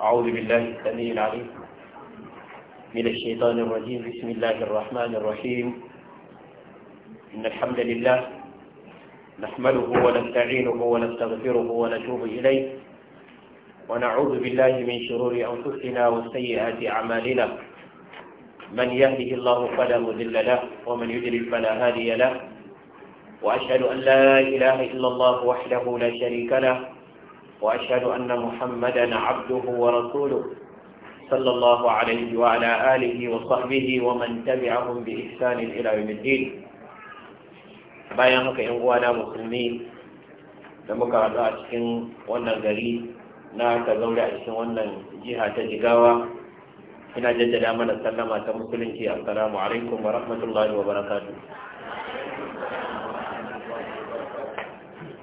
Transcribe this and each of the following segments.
أعوذ بالله السميع العليم من الشيطان الرجيم بسم الله الرحمن الرحيم إن الحمد لله نحمده ونستعينه ونستغفره ونتوب إليه ونعوذ بالله من شرور أنفسنا وسيئات أعمالنا من يهده الله فلا مذل له ومن يدرك فلا هادي له وأشهد أن لا إله إلا الله وحده لا شريك له وأشهد أن محمدا عبده ورسوله صلى الله عليه وعلى آله وصحبه ومن تبعهم بإحسان إلى يوم الدين bayan haka ‘yan uwana musulmi da muka haɗu a cikin wannan gari na ka zaure a cikin wannan jiha ta jigawa ina jaddada mana sallama ta musulunci assalamu alaikum wa rahmatullahi wa barakatuh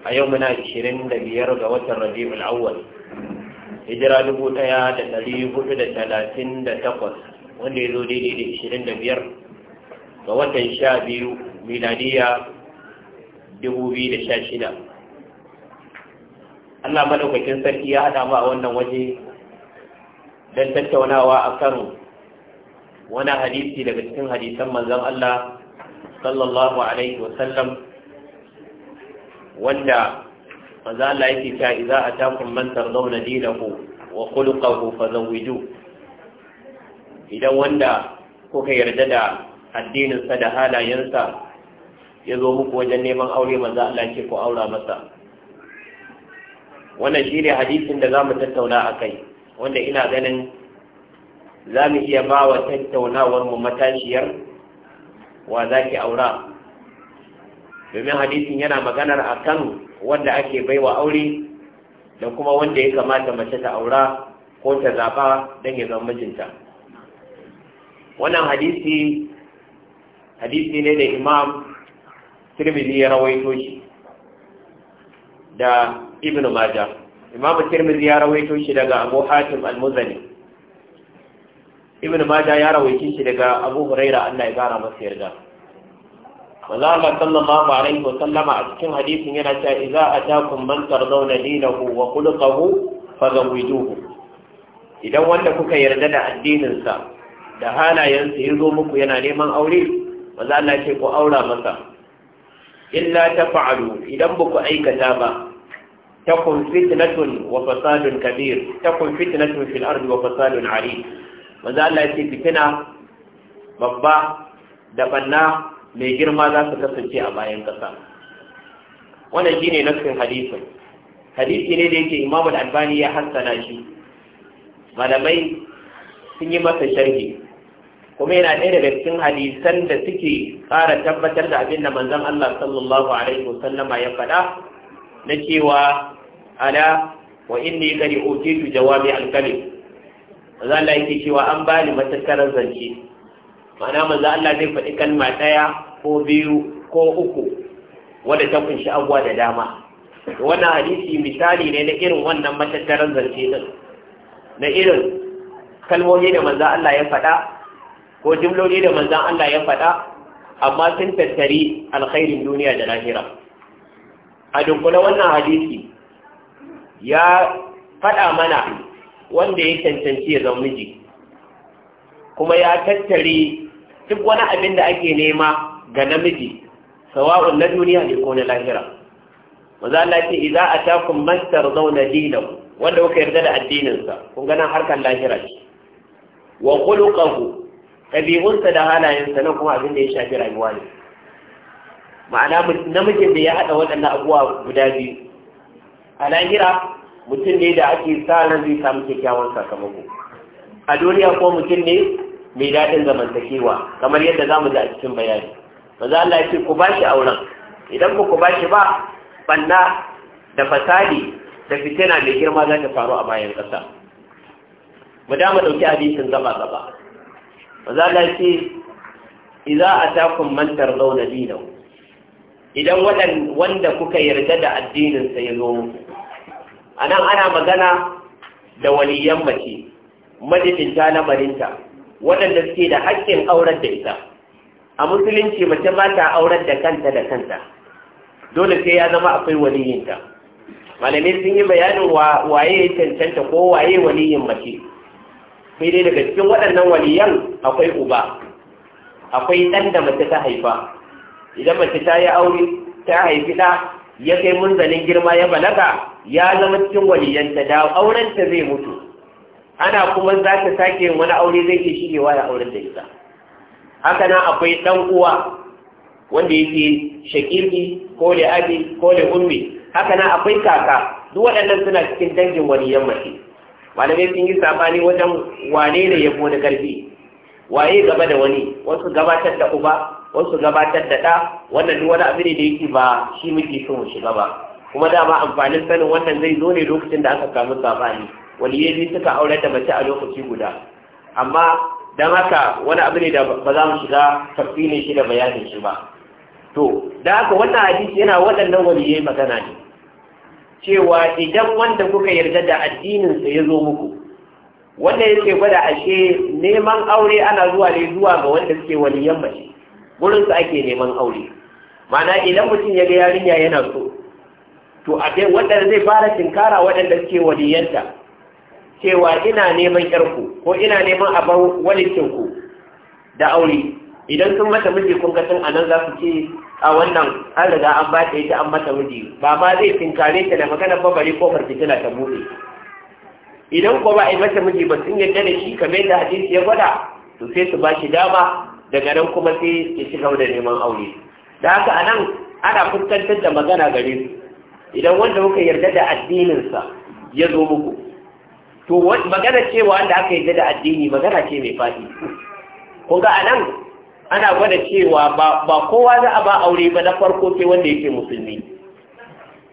a yau muna 25 ga watan rabi'ul awwal hijira 1438 wanda ya zo daidai da 25 ga watan 12 miladiya 2016 Allah madaukakin sarki ya hada mu a wannan waje don tattaunawa a kan wani hadisi daga cikin hadisan manzon Allah sallallahu alaihi wasallam wanda Maza Allah yake a idza atakum man dina dinahu wa fazan fazawwiju idan wanda kuka yarda da addininsa da halayensa ya zo muku wajen neman aure manzo Allah ce ku aura masa wannan ne hadisin da za mu tattauna a kai, wanda ina ganin za mu iya ba wa tattaunawar mu matashiyar wa zaki aura domin hadisin yana maganar akan wanda ake baiwa aure da kuma wanda ya kamata mace ta aura ko ta zaba don ya zama mijinta wannan hadisi hadisi ne da imam tirmidhi ya rawaito shi da ibn maja imam tirmidhi ya rawaito shi daga abu hatim al-muzani ibn maja ya rawaito shi daga abu huraira Allah ya gara masa yarda manzala sallallahu alaihi wa sallama a cikin hadisin yana cewa idza atakum man tardawna dinahu wa khuluquhu fazawijuhu idan wanda kuka yarda da addinin sa da halayensa ya zo muku yana neman aure manzala ce ku aura masa illa tafa'alu idan ba ku aikata ba takun fitnatun wa fasadun kabir takun fitnatun fil ardi wa fasadun ari manzala ce fitina babba da banna mai girma za su kasance a bayan ƙasa wannan shine nassin hadisin hadisi ne da yake imamu albani ya hassana shi malamai sun yi masa sharhi kuma yana ɗaya daga cikin hadisan da suke ƙara tabbatar da abin da manzon Allah sallallahu alaihi wasallama ya faɗa na cewa ala wa inni qad utitu jawami al-kalim Allah cewa an bani matattarar zance ma'ana manzo Allah zai faɗi kalma ɗaya ko biyu ko uku wadda ta kunshi abuwa da dama wannan hadisi misali ne na irin wannan matattaran zance din na irin kalmomi da manzan Allah ya faɗa ko jimloli da manzan Allah ya faɗa amma sun tattari alkhairin duniya da lahira a dunkula wannan hadisi ya faɗa mana wanda ya cancanci ya zama miji kuma ya tattari duk wani abin da ake nema ga namiji sawa'un na duniya ne ko na lahira maza Allah ce idza atakum man tardawna dinahu wanda kuka yarda da addininsa kun ga nan harkan lahira ce wa khuluquhu da halayensa na kuma abin da ya shafi rayuwa ne ma'ana namijin da ya haɗa waɗannan abubuwa guda biyu a lahira mutum ne da ake sa ran zai samu kyakkyawan sakamako a duniya ko mutum ne mai daɗin zamantakewa kamar yadda za mu ji a cikin bayani maza Allah ce ku bashi auren idan ku bashi ba banna da fasadi da fitina mai girma za ta faru a bayan ƙasa mu da mu ɗauki hadisin gaba gaba maza Allah ya ce idza takun mantar zauna dinahu idan wanda kuka yarda da addinin sa ya zo muku anan ana magana da waliyan mace ta na marinta waɗanda suke da haƙƙin aurar da ita a musulunci mace ba ta aurar da kanta da kanta dole sai ya zama akwai waliyinta malamai sun yi bayanin waye ya cancanta ko waye waliyin mace sai dai daga cikin waɗannan waliyan akwai uba akwai ɗan da mace ta haifa idan mace ta yi aure ta haifi ɗa ya kai munzalin girma ya balaga ya zama cikin waliyanta da aurenta zai mutu ana kuma za ta sake wani aure zai iya wa ya auren da ita haka nan akwai ɗan uwa wanda yake shakiki ko da abi ko da ummi haka nan akwai kaka duk waɗannan suna cikin dangin wani yammaci. malamai sun yi sabani wajen wane ne ya da karfi waye gaba da wani wasu gabatar da uba wasu gabatar da ɗa wannan duk wani abu ne da yake ba shi muke so mu shiga ba kuma dama amfanin sanin wannan zai zo ne lokacin da aka samu sabani Waliyyai biyu suka aure da mace a lokaci guda amma don haka wani abu ne da ba za mu shiga tafsirin shi da bayanin shi ba to da haka wannan hadisi yana waɗannan waliyai magana ne cewa idan wanda kuka yarda da addininsa ya zo muku wanda yake gwada ashe neman aure ana zuwa ne zuwa ga wanda suke waliyan mace gurinsu ake neman aure mana idan mutum ya ga yarinya yana so to a kai wanda zai fara tinkara waɗanda suke waliyanta cewa ina neman yarku ko ina neman abin walikinku da aure idan sun mata miji kun ga sun anan za su ce a wannan an riga an ba ta yi ta an mata miji ba ma zai tinkare ta da magana ba bari ko farfitila ta buɗe idan ko ba a yi mata miji ba sun yadda da shi kamar da hadisi ya gwada to sai su ba shi dama daga nan kuma sai ya ci gaba da neman aure da haka anan ana kuskantar da magana gare su idan wanda muka yarda da addininsa ya zo muku to magana cewa wanda aka yi da addini magana ce mai faɗi kunga a nan, ana gwada cewa ba kowa za a ba aure ba na farko sai wanda yake musulmi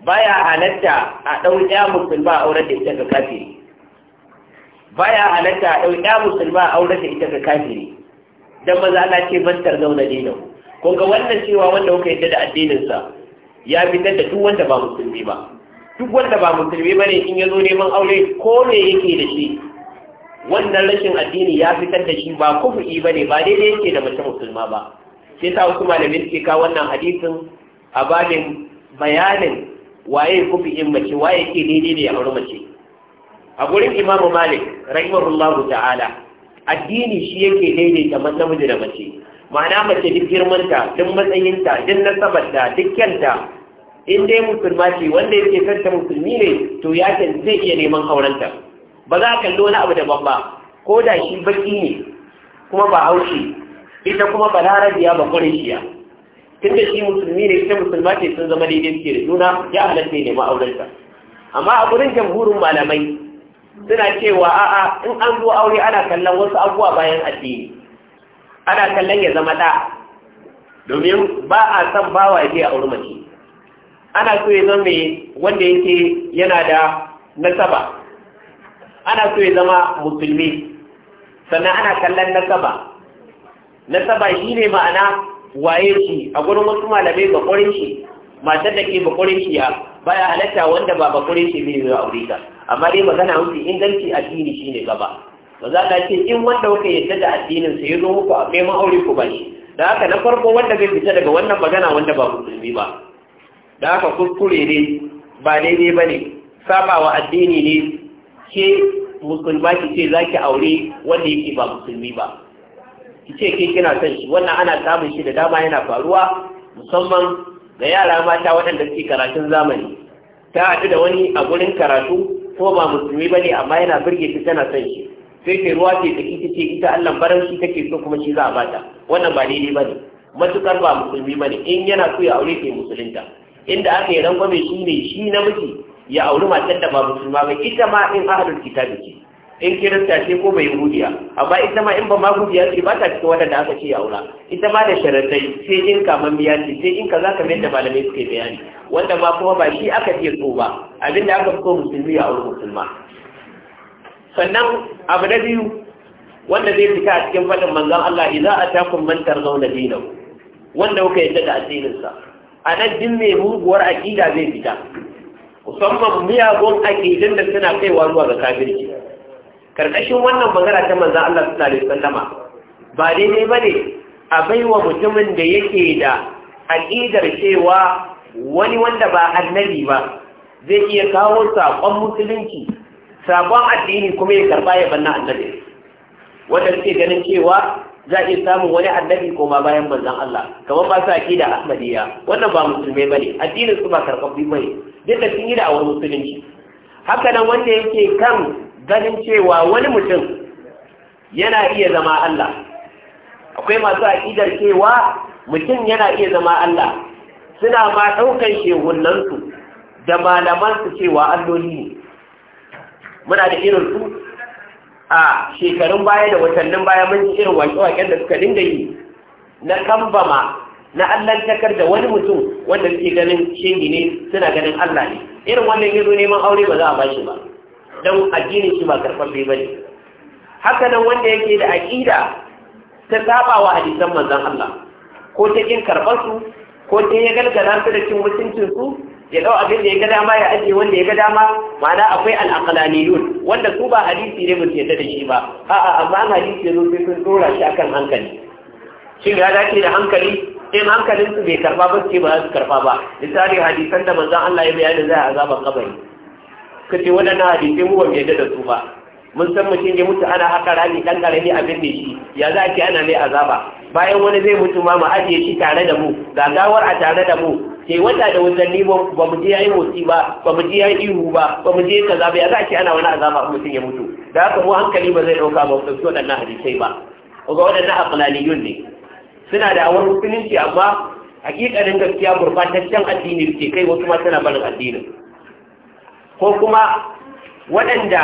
baya halatta a ɗau ɗaya musulma a auren da ita ga kafiri baya halatta a ɗau ɗaya musulma a auren da ita ga kafiri dan maza ana ce bantar zauna dinu kunga ga wannan cewa wanda kuka yi da addininsa ya fitar da duk wanda ba musulmi ba duk wanda ba musulmi ba ne in ya zo neman aure ko ne yake da shi wannan rashin addini ya fitar da shi ba kufu'i ba ne ba daidai yake da mace musulma ba sai ta wasu malamin suke kawo wannan hadisin a babin bayanin waye in mace waye yake daidai da ya aure mace a gurin imamu malik rahimahullahu ta'ala addini shi yake daidaita namiji da mace ma'ana mace duk girmanta duk ta duk nasabar ta duk kyanta in dai musulma ce wanda yake kanta musulmi ne to ya ce zai iya neman aurenta ba za a kalli abu daban ba ko da shi baki ne kuma ba haushi ita kuma ba larabiya ba kwarishiya tunda shi musulmi ne ita musulma ce sun zama daidai suke da juna ya halatta ne aurenta. amma a gurin jamhurin malamai suna cewa a'a in an zo aure ana kallon wasu abubuwa bayan addini ana kallon ya zama da domin ba a san bawa ya je a auri mace ana so ya zama mai wanda yake yana da nasaba ana so ya zama musulmi sannan ana kallon nasaba nasaba shi ne ma'ana waye shi a gurin wasu malamai bakwarin shi matar da ke bakwarin shi ya baya halatta wanda ba bakwarin shi ne zuwa aure ta amma dai magana wuce inganci addini shi ne gaba ba za ta ce in wanda kuka yadda da addinin sa ya zo muku a kai aure ku ba ne. da haka na farko wanda zai fita daga wannan magana wanda ba musulmi ba da aka kuskure ne ba daidai ba ne saba addini ne ke musulma ki ce za ki aure wanda yake ba musulmi ba ki ce ke kina son shi wannan ana samun shi da dama yana faruwa musamman ga yara mata waɗanda suke karatun zamani ta haɗu da wani a gurin karatu ko ba musulmi ba ne amma yana birge ta tana son shi sai ta ruwa ce tafi ta ce ita Allah baran shi take so kuma shi za a bata wannan ba daidai ba ne matukar ba musulmi ba ne in yana so ya aure ta musulunta inda aka yi rangwame shi ne shi na miji ya auri matar da ba musulma ba ita ma in ahalul da ce in kirista ce ko mai yahudiya amma ita ma in ba ma yahudiya ce ba ta cikin wadanda aka ce ya aura ita ma da sharadai sai in kamammiya ce sai in ka ka mai da malamai suke bayani wanda ma kuma ba shi aka ce so ba abinda aka fi ko musulmi ya auri musulma sannan abu na biyu wanda zai fita a cikin faɗin manzon Allah idza atakum man tarzawna dinahu wanda kuka yadda da addininsa a nan din mai muguwar aƙida zai fita musamman miyagun aƙidun da suna kaiwa zuwa ga kafirci karkashin wannan magana ta manza Allah su tare sallama. ba daidai ne a baiwa mutumin da yake da aƙidar cewa wani wanda ba annabi ba zai iya kawo saƙon musulunci saƙon addini kuma ya karɓa ya banna annabi wanda ganin cewa za a iya samun wani annabi ko ma bayan manzon Allah kamar ba su akida Ahmadiyya wannan ba musulmai bane addinin su ba karɓaɓɓi bane duk da sun yi da'awar musulunci haka nan wanda yake kan ganin cewa wani mutum yana iya zama Allah akwai masu aƙidar cewa mutum yana iya zama Allah suna ma daukan shehunansu da malamansu cewa alloli ne muna da irin su a shekarun baya da watannin baya mun ji irin waƙe-waƙen da suka dinga yi na kambama na takar da wani mutum wanda suke ganin shingi ne suna ganin Allah ne irin wannan yazo neman aure ba za a ba shi ba don addinin shi ba karfan bai bane haka nan wanda yake da aƙida ta saba wa hadisan manzon Allah ko ta kin karɓar su ko ta ya galgala su da cin mutuncin su ya abin da ya ga dama ya ajiye wanda ya ga dama ma'ana akwai al'aqlaniyun wanda su ba hadisi ne ba yadda da shi ba a'a amma an hadisi yazo sai sun dora shi akan hankali shin ya dace da hankali in hankalin su bai karba ba ce ba za su karba ba misali hadisan da manzon Allah ya bayani za a azaba kabari kace waɗannan hadisi mu ba mu yadda da su ba mun san mutum ya mutu ana haka rami dan ƙarami abin da shi ya za a ce ana mai azaba bayan wani zai mutu ma mu ajiye shi tare da mu gagawar a tare da mu sai eh, wata da watanni ba mu je yayi motsi ba ba mu je yayi ihu ba ba mu je kaza ba ya za ki ana wani azaba mutum ya mutu da haka mu hankali ba zai dauka ba su waɗannan hadisai ba kuma waɗannan aqlaliyun ne suna da awar musulunci amma hakikanin gaskiya gurbataccen addini ce kai wasu ma tana barin addinin ko kuma waɗanda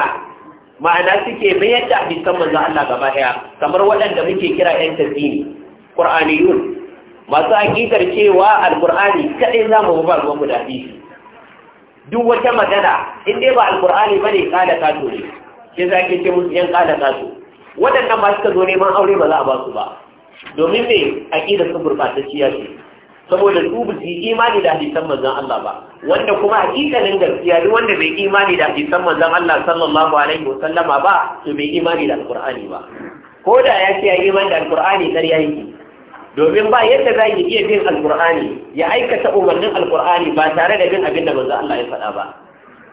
ma'ana suke bayar da hadisan manzo Allah gaba daya kamar waɗanda muke kira 'yan tasiri qur'aniyun masu hakikar cewa alkur'ani kaɗai za mu ba ruwan mu da duk wata magana in dai ba alkur'ani bane kada kato ne shi za ke ce musu yan kada kato waɗannan ba suka zo neman aure ba za a ba su ba domin me aqidar su gurɓatacciya ce saboda su ba su imani da hadisan manzon Allah ba wanda kuma hakikalin gaskiya duk wanda bai imani da hadisan manzon Allah sallallahu alaihi wasallama ba to bai imani da alkur'ani ba ko da ya ce ya imani da alkur'ani kar ya domin ba yadda za ki iya bin alkur'ani ya aikata umarnin alkur'ani ba tare da bin abin da manzon Allah ya faɗa ba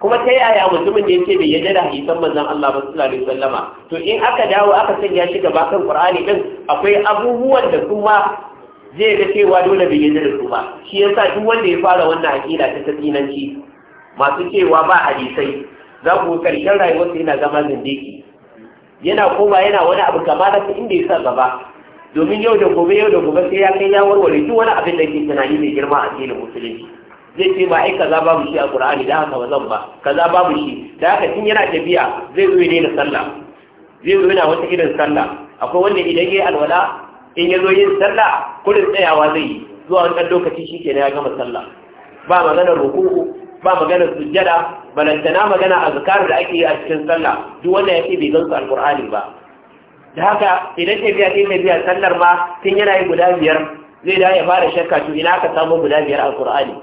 kuma ta yaya mutumin da yake bai yadda da hadisan manzon Allah ba sallallahu alaihi wasallama to in aka dawo aka sanya shi gaba kan Qur'ani din akwai abubuwan da kuma zai ga cewa dole bai yadda da su ba shi yasa duk wanda ya fara wannan aqida ta tsinanci masu cewa ba hadisai za ku karshen rayuwarsa yana zama zindiki yana koma yana wani abu kamar da inda ya sa gaba domin yau da gobe yau da gobe sai ya kai ya warware duk wani abin da ke tunani mai girma a cikin musulunci zai ce ba ai kaza babu shi a qur'ani da haka bazan ba kaza babu shi da haka tun yana tafiya zai zo ne da sallah zai zo yana wata irin sallah akwai wanda idan yayi alwala in ya zo yin sallah kullun tsayawa zai yi zuwa wani dan lokaci shi kenan ya gama sallah ba maganar ruku'u ba maganar sujjada balantana magana azkar da ake yi a cikin sallah duk wanda ya ce bai gansu alqur'ani ba da haka idan ya biya ɗaya biya sallar ma tun yana yi guda biyar zai da ya fara shakka to ina aka samu guda biyar a ƙurani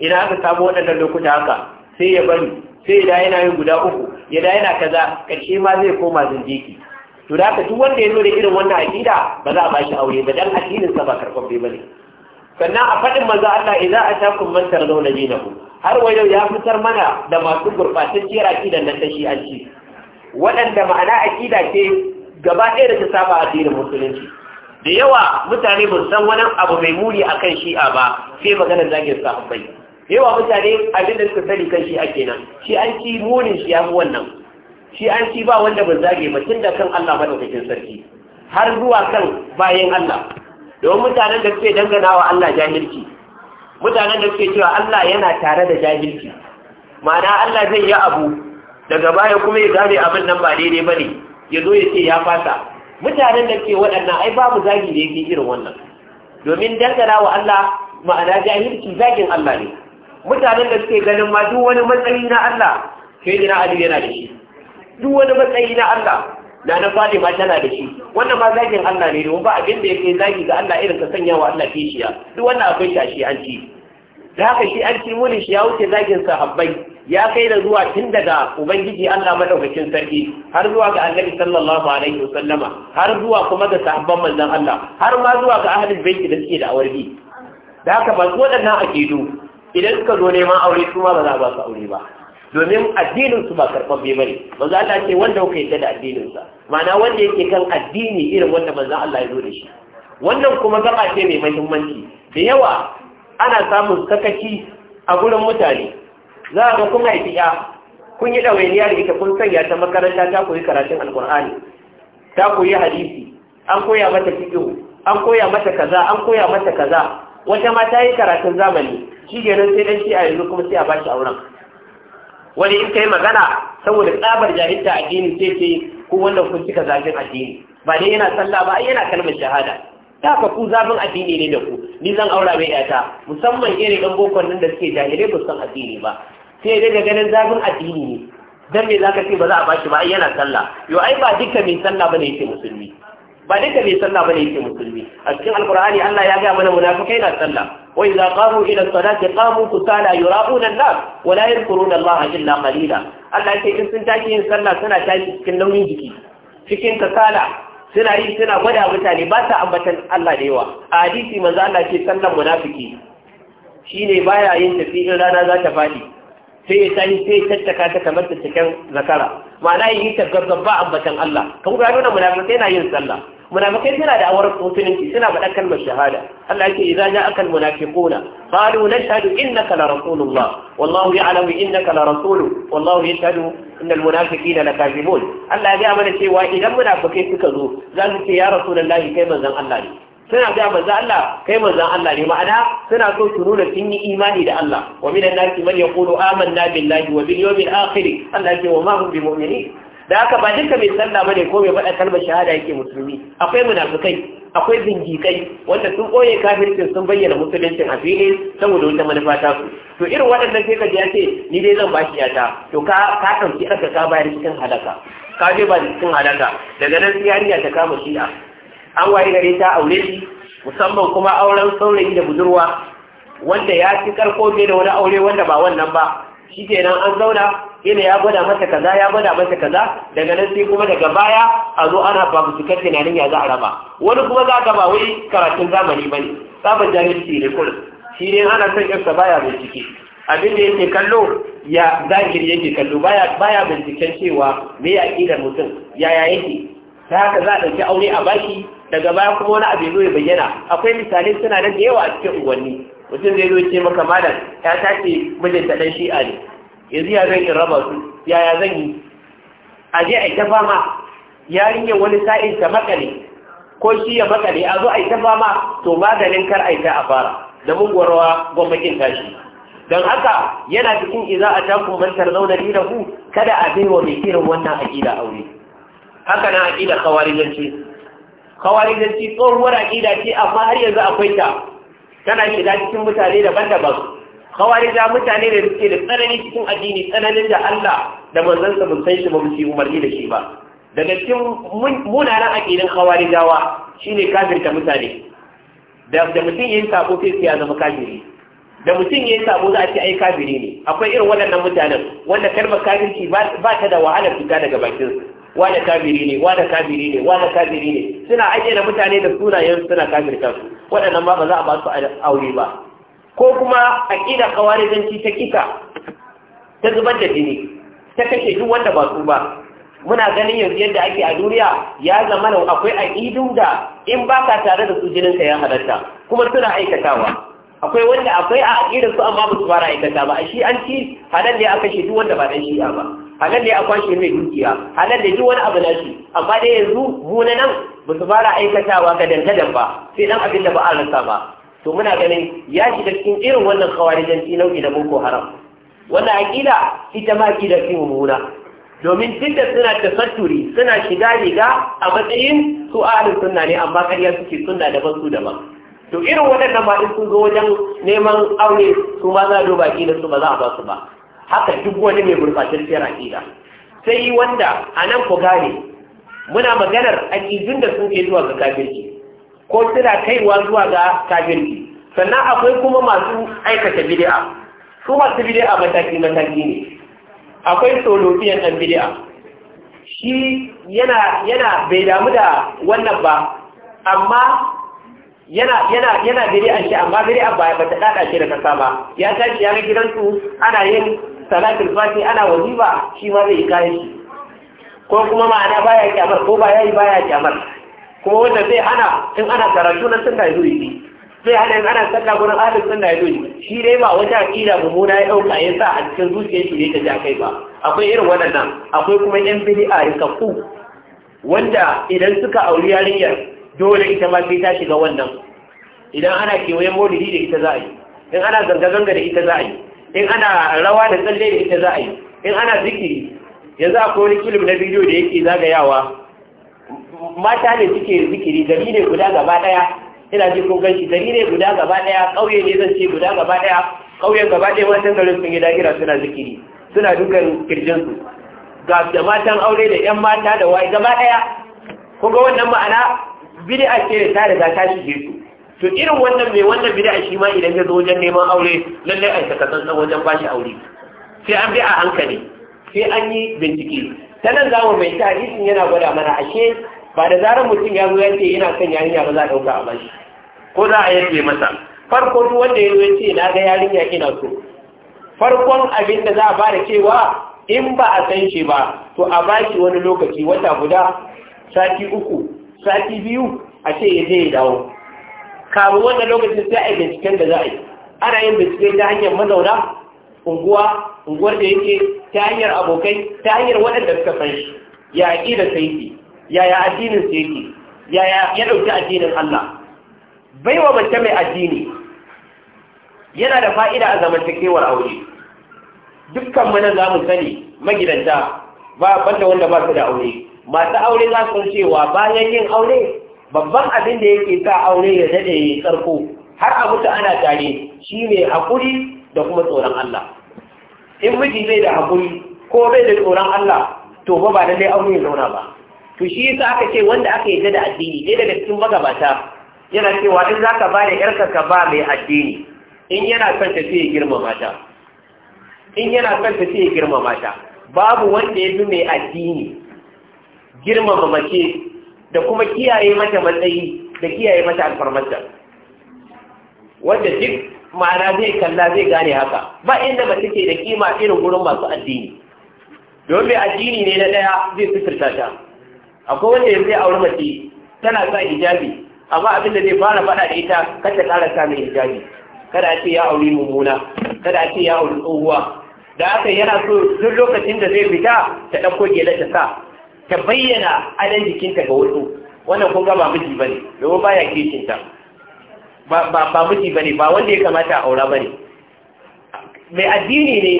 ina aka samu waɗannan lokuta haka sai ya bari sai da yana yin guda uku ya da yana kaza ƙarshe ma zai koma zinjiki to da haka duk wanda ya nuna irin wannan aƙida ba za a bashi aure ba dan addinin sa ba karɓar bai bane sannan a faɗin manzo Allah idza atakum man tarzawna ku. har wa yau ya fitar mana da masu gurɓatacciyar aƙidan nan ta shi shi'anci waɗanda ma'ana aƙida ce gaba ɗaya da ta saba addinin musulunci da yawa mutane ba san wani abu mai muni kan shi'a ba sai maganar zagin sahabbai yawa mutane abin da suka sani kan shi'a kenan shi an ci munin shi ya fi wannan shi an ci ba wanda ba zage ba tun da kan Allah madaukakin sarki har zuwa kan bayan Allah domin mutanen da suke dangana wa Allah jahilci mutanen da suke cewa Allah yana tare da jahilci ma'ana Allah zai yi abu daga baya kuma ya gane abin nan ba daidai ba ne ya zo ya ce ya fasa mutanen da ke waɗannan ai babu zagi da yake irin wannan domin dangana wa Allah ma'ana jahilci zagin Allah ne mutanen da suke ganin ma duk wani matsayi na Allah sai jira Ali yana da shi duk wani matsayi na Allah na na ma tana da shi wannan ma zagin Allah ne domin ba abin da yake zagi ga Allah irin ka sanya wa Allah kishiya duk wannan akwai tashi an ci da haka shi alkimulin shi ya wuce zagin sahabbai ya kai da zuwa tun daga ubangiji Allah madaukakin sarki har zuwa ga annabi sallallahu alaihi wasallama har zuwa kuma ga sahabban manzon Allah har ma zuwa ga ahlul bait da suke da awargi da haka ba zo dannan akidu idan suka zo neman aure su ma ba za ba su aure ba domin addinin su ba karɓaɓɓe bane manzo Allah ce wanda kuka yadda da addinin sa ma'ana wanda yake kan addini irin wanda manzan Allah ya zo da shi wannan kuma gaba ce mai muhimmanci da yawa ana samun sakaci a gurin mutane za a ga kun haifi ya kun yi ɗawainiya da ita kun sanya ta makaranta ta koyi karatun alkur'ani ta koyi hadisi an koya mata fiƙo an koya mata kaza an koya mata kaza wata ma ta yi karatun zamani shi kenan sai dan shi a yanzu kuma sai a ba shi auren wani in ka yi magana saboda tsabar jahilta addini sai ce ko wannan kun cika zafin addini ba dai yana sallah ba ai yana kalmar shahada da ka ku zafin addini ne da ku ni zan aura mai yata musamman irin ɗan bokon nan da suke jahilai ba san addini ba sai dai da ganin zafin addini ne dan me zaka ce ba za a bashi ba ai yana sallah yo ai ba dukkan mai sallah bane yake musulmi ba dukkan mai sallah bane yake musulmi a cikin alqur'ani Allah ya ga mana munafikai na sallah wa idza qamu ila salati qamu kusala yura'una an-nas wa la yadhkuruna Allah illa qalila Allah yake in sun tashi yin sallah suna tashi cikin nauyin jiki cikin kasala suna yi suna gwada mutane ba sa ambatan Allah da yawa a hadisi manzo Allah ce sallan munafiki shine baya yin tafi in rana za ta fadi sai ya tani sai ya tattaka ta kamar ta cikin zakara ma'ana yin ta gaggaba ambatan Allah kan gano da munafiki yana yin sallah munafikai suna da awar musulunci suna faɗa kalmar shahada Allah yake idza ja'aka almunafiquna qalu nashhadu innaka la rasulullah wallahu ya'lamu innaka la rasulu wallahu yashhadu innal munafiqina lakazibun Allah ya mana cewa idan munafikai suka zo za su ce ya rasulullahi kai manzon Allah ne suna ga manzon Allah kai manzon Allah ne ma'ana suna so su nuna sun yi imani da Allah wa minan nasi man yaqulu amanna billahi wa bil yawmil akhir Allah ya ce wa ma hum bimu'minin da aka ba duka mai sallah bane ko mai faɗa kalmar shahada yake musulmi akwai munafikai akwai zingikai. wanda sun koye kafircin sun bayyana musuluncin a fili saboda wata manufa ta su to irin waɗannan sai ka ji ce ni dai zan bashi ta. to ka ka ɗauki aka ka bayar cikin halaka ka je ba cikin halaka daga nan sai yarinya ta kama shi'a an waye gare ta aure shi musamman kuma auren saurayi da budurwa wanda ya ci karko da wani aure wanda ba wannan ba shi kenan an zauna yana ya gwada mata kaza ya gwada mata kaza daga nan sai kuma daga baya a zo ana babu su kan tunanin ya za a raba wani kuma za ka ba wai karatun zamani ba ne sabon jahilci ne kullum shi ne ana son yarsa baya bincike abin da yake kallo ya zahiri yake kallo baya baya binciken cewa me ya da mutum yaya yake ta haka za a ɗauki aure a baki daga baya kuma wani abu ya zo ya bayyana akwai misalai suna nan da yawa a cikin unguwanni mutum zai zo ce maka malam ya tace mijinta ɗan shi'a ne yanzu ya zan in raba su yaya zan yi a je a ita fama yarinyar wani sa'in ta makale ko shi ya makale a zo a ita fama to maganin kar a ta a fara da mungwarwa gwamnatin tashi don haka yana cikin iza a taku mantar zauna ni da ku kada a bai wa mai kiran wannan aƙida aure haka na aƙida kawarizanci kawarizanci tsohuwar aƙida ce amma har yanzu akwai ta tana shiga cikin mutane daban-daban da mutane da suke da tsanani cikin addini tsananin da Allah da sa mun san shi ba mu ci umarni da shi ba daga cikin munanan aqidin khawarijawa shine kafirta mutane da da mutum yayin sabo sai ya zama kafiri da mutum yayin sabo za a ce ai kafiri ne akwai irin waɗannan mutanen wanda kalmar kafirci ba ta da wahalar fita daga bakinsu wane kafiri ne wane kafiri ne wane kafiri ne suna ajiye mutane da sunayen suna kafirta su waɗannan ba ba za a ba su aure ba ko kuma aƙida ci ta kika ta zubar da jini ta kashe duk wanda ba su ba muna ganin yanzu yadda ake a duniya ya zama akwai aƙidun da in ba ka tare da su ka ya halarta, kuma suna aikatawa akwai wanda akwai a aƙidar su amma ba su fara aikata ba a shi an ci halar ne a kashe duk wanda ba ɗan shi'a ba halal ne a kwashe mai dukiya halal ne duk wani abu na shi amma dai yanzu mu na nan ba su fara aikatawa ga dangadan ba sai dan abin da ba a rasa ba to muna ganin ya shiga cikin irin wannan kawarijanci nau'i na boko haram wannan aƙida ita ma aƙida ce mummuna domin duk da suna tafatturi suna shiga riga a matsayin su ahlus sunna ne amma ƙarya suke sunna daban su daban to irin waɗannan ba in sun zo wajen neman aure su ma za a duba su ba za a ba su ba haka duk wani mai gurbatacciyar aƙida sai yi wanda a nan ku gane muna maganar aƙidun da sun ke zuwa ga kafirki ko suna kaiwa zuwa ga kafirki sannan akwai kuma masu aikata bid'a su masu bid'a mataki mataki ne akwai solofiyan ɗan bid'a shi yana yana bai damu da wannan ba amma yana yana shi amma bid'a ba ta shi da kasa ba ya tashi ya ga gidansu ana yin salatul fati ana wajiba shi ma zai kayan shi ko kuma ma'ana baya kyamar ko baya yi baya kyamar kuma wanda zai hana in ana karatu na sunna ya zuri zai hana in ana sallah gurin ahlus sunna ya zuri shi dai ba wata aqida mummuna ya dauka ya sa a cikin zuciyar shi ne ta ja kai ba akwai irin waɗannan akwai kuma yan bid'a rikakku wanda idan suka auri yarinyar dole ita ma sai ta shiga wannan idan ana kewayen maulidi da ita za a yi in ana zanga-zanga da ita za a yi in ana rawa da tsalle da ita za a yi in ana zikiri yanzu akwai wani filim na bidiyo da yake zagayawa mata ne suke zikiri gari ne guda gaba daya ina ji ko ganshi gari ne guda gaba daya ƙauye ne zan ce guda gaba daya ƙauyen gaba daya matan garin sun yi dahira suna zikiri suna dukan kirjinsu ga da matan aure da yan mata da waye gaba daya ko ga wannan ma'ana bid'a ce da ta riga ta shige su to irin wannan mai wannan bid'a shi ma idan ya zo wajen neman aure lallai ai ta kasan san wajen bashi aure sai an bi a hankali sai an yi bincike Ta nan zamu mai ta hadisin yana gwada mana ashe ba da zarar mutum ya zo ya ce yana son yarinya ba za a dauka a bashi ko za a yace masa farko duk wanda ya zo ya ce na ga yarinya ina so farkon abin da za a fara cewa in ba a san shi ba to a bashi wani lokaci wata guda sati uku sati biyu a ce ya je ya dawo kamun wannan lokacin sai a binciken da za a yi ana yin bincike ta hanyar mazauna unguwa unguwar da yake ta hanyar abokai ta hanyar waɗanda suka san shi ya da sai yaya addinin sai yake yaya ya ɗauki addinin Allah baiwa mace mai addini yana da fa'ida a zamantakewar aure dukkan mana za mu sani magidanta ba banda wanda ba su da aure masu aure za su cewa bayan yin aure babban abin da yake sa aure ya daɗe ya tsarko har a mutu ana tare shi ne haƙuri da kuma tsoron Allah in miji zai da haƙuri ko bai da tsoron Allah to ba ba lallai aure ya zauna ba to shi yasa aka ce wanda aka ta da addini ɗaya daga cikin magabata yana cewa in zaka ba da yarka ka ba mai addini in yana son ta sai girmama ta in yana son ta sai girmama ta babu wanda ya fi mai addini girmama mace da kuma kiyaye mata matsayi da kiyaye mata alfarmarta wanda duk ma'ana zai kalla zai gane haka ba inda ba take da kima irin gurin masu addini don bai addini ne na ɗaya zai sifirta ta akwai wanda yanzu ya auri mace tana sa hijabi amma abin da zai fara faɗa da ita kar ta ƙara sa mai hijabi kada a ce ya auri mummuna kada a ce ya auri tsohuwa da aka yana so duk lokacin da zai fita ta ɗauko gelar ta sa ta bayyana adon jikinta ga wasu wannan kun ga ba miji ne domin ya kishinta ba ba miji bane ba wanda ya kamata a aura bane mai addini ne